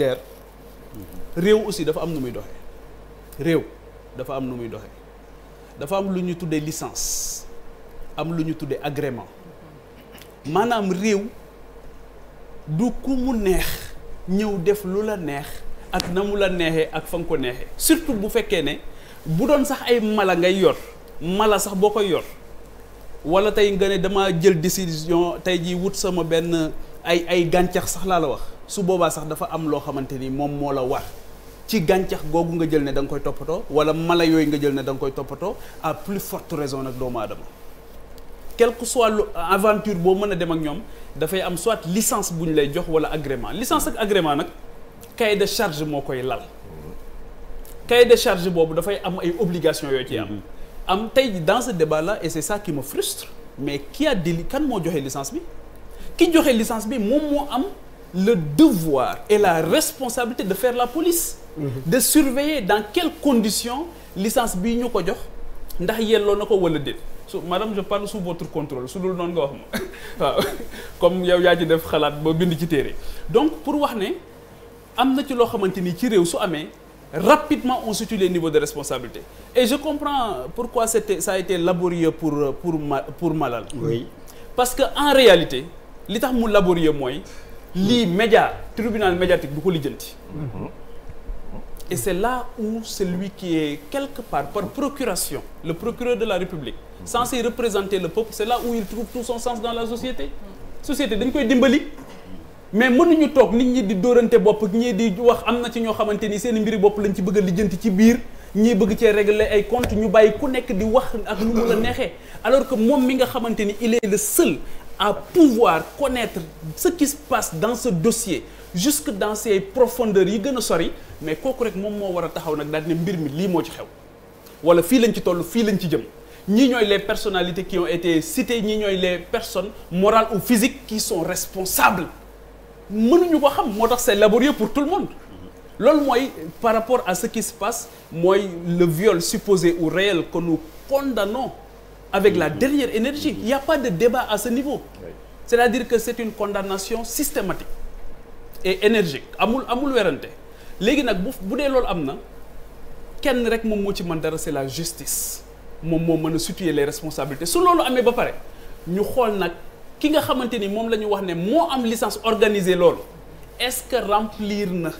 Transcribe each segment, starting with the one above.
der réew aussi dafa am nu muy doxee réew dafa am nu muy doxee dafa am lu ñu tuddee licence am lu ñu tuddee agrément maanaam réew du ku mu neex ñëw def lu la neex ak na mu la neexee ak fa nga ko neexee surtout bu fekkee ne bu doon sax ay mala ngay yor mala sax boo koy yor wala tey nga ne dama jël décision tey ji wut sama benn ay ay gàncax sax laa la wax su boobaa sax dafa am loo xamante ni moom moo la war ci gàncax googu nga jël ne da nga koy toppatoo wala mala yooyu nga jël ne da nga koy toppatoo à plus forte raison nag doomu adama quelque que soit aventure boo mën a dem ak ñoom dafay am soit licence bu ñu lay jox wala agrément licence ak agrément nag cahier de charge moo koy lal cahier de charge boobu dafay am ay obligations yooyu ciy am mm-hmm. am tey dans ce débat là et c'est ça qui me frustre mais qui a kan moo joxe licence bi ki joxe licence bi moom moo am le devoir et la responsabilité de faire la police mhm. de surveiller dans quelles condition licence bii ñu ko jox ndax yelloo na ko wala de su madame je parle sous votre contrôle su dul noonu nga wax ma waaw comme yow yaa ci def xalaat ba bind ci téere donc pour wax ne am na ci loo xamante ni ci réew su amee rapidement on situe les niveau de responsabilité et je comprends pourquoi c'était ça a été laborieux pour pour pour Malal parce que en réalité li tax mu laborieux mooy lii média tribunal médiatique du ko lijjanti. Mhm. et c'est là où celui qui est quelque part par procuration le procureur de la République mhm. censé représenter la peuple c'est là où il trouve tout son sens dans la société société dañ koy dimbali mais mënuñu toog nit ñi di dóorante bopp ñii di wax am na ci ñoo xamante ni seen mbiri bopp lañ ci bëgg a lijjanti ci biir ñii bëgg cee régler ay compte ñu bàyyi ku nekk di wax ak lu la neexee alors que moom mi nga xamante ni il est le à pouvoir connaître ce qui se passe dans ce dossier jusque dans ces profondeurs yi gën a sori mais kooku rek moom moo war a taxaw nag daal ne mbir mi lii moo ci xew wala fii lañ ci toll fii lañ ci jëm ñii ñooy les personnalités qui ont été citées ñii ñooy les personnes morales ou physiques qui sont responsables mënuñu ko xam moo tax c'est laborieux pour tout le monde loolu mooy par rapport à ce qui se passe mooy le viol supposé ou réel que nous condamnons avec la dernière énergie. Il n'y a pas de débat à ce niveau. C'est-à-dire que c'est une condamnation systématique et énergie amul amul werante léegi nag bu bu dee loolu am na kenn rek moom moo ci mën dara c'est la justice moom moo mën a situer les responsabilités su loolu amee ba pare ñu xool nag ki nga xamante ni moom la ñu wax ne moo am licence organiser loolu est-ce que remplir na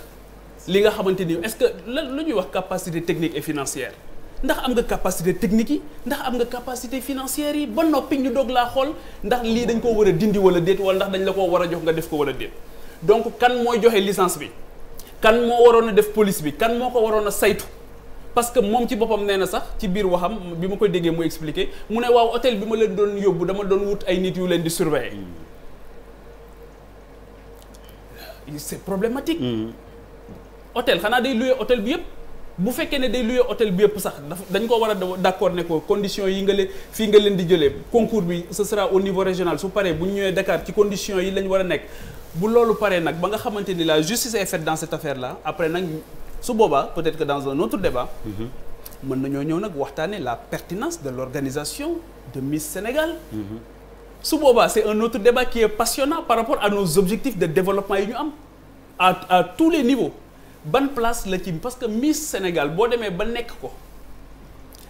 li nga xamante ni est-ce que lan lu ñuy wax capacité technique et financière. ndax am nga capacité technique yi ndax am nga capacité financière yi ba noppi ñu doog laa xool ndax lii dañ koo war a dindi wala déet wala ndax dañ la koo war a jox nga def ko wala déet donc kan mooy joxe licence bi kan moo waroon a def police bi kan moo ko waroon a saytu parce que moom ci boppam nee na sax ci biir waxam bi ma ko déggee mu expliqué mu ne waaw hôtel bi ma leen doon yóbbu dama doon wut ay nit yu leen di surveiller hmm. c'est problématique hmm. hôtel xanaa day loué hôtel bi yëpp bu fekkee ne day luye hôtel bi yëpp sax dañ ko war a d'accord ne ko yi nga leen fii nga leen di jëlee concours bi ce sera au niveau régional su paree bu ñu ñëwee Dakar ci conditions yi lañ war a nekk bu loolu paree nag ba nga xamante ni la justice est faite dans cette affaire là après nag su boobaa peut-être que dans un autre débat mm-hmm. mën nañoo ñëw nag waxtaanee la pertinence de l'organisation de Miss Sénégal mm-hmm. su boobaa c'est un autre débat qui est passionnant par rapport à nos objectifs de développement ñu am à à les niveaux ban place la ci parce que Miss Sénégal boo demee ba nekk ko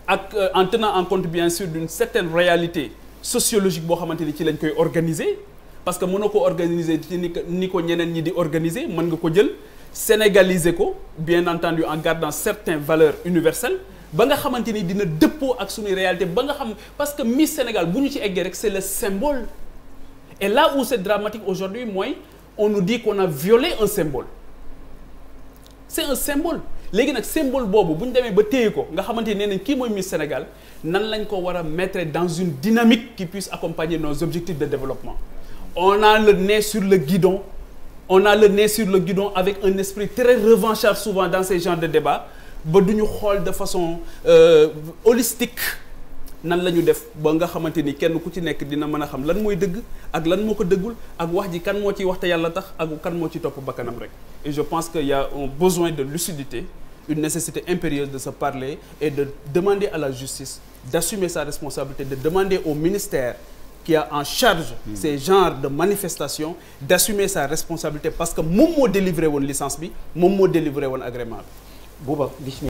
ak euh, en tenant en compte bien sûr d'une certaine réalité sociologique boo xamante ni ci lañ koy organiser parce que mën na ko organiser ci ni ko ñeneen ñi di organiser mën nga ko jël sénégaliser ko bien entendu en gardant certaines valeurs universelles ba nga xamante ni dina dëppoo ak suñuy réalité ba nga xam parce que Miss Sénégal bu ñu ci eggee rek c'est le symbole et là où c'est dramatique aujourd'hui mooy on nous dit qu'on un symbole c'est un symbole léegi nag symbole boobu bu ñu demee ba téye ko nga xamante ne nañ kii mooy Miss Sénégal nan lañ ko war a mettre dans une dynamique qui puisse accompagner nos objectifs de développement on a le nez sur le guidon on a le nez sur le guidon avec un esprit très revanchard souvent dans ces genres de débats ba du ñu xool de façon euh, holistique nan la ñu def ba nga xamante ni kenn ku ci nekk dina mën a xam lan mooy dëgg ak lan moo ko dëggul ak wax ji kan moo ciy waxte yàlla tax ak kan moo ci topp bakkanam rek et je pense que y un besoin de lucidité une nécessité impérieuse de sa parler et de demander à la justice d'assumer sa responsabilité de demander au ministère qui en charge mmh. ces genres de manifestations d'assumer sa responsabilité parce que moom moo délivré woon licence bi moom moo délivré woon agrément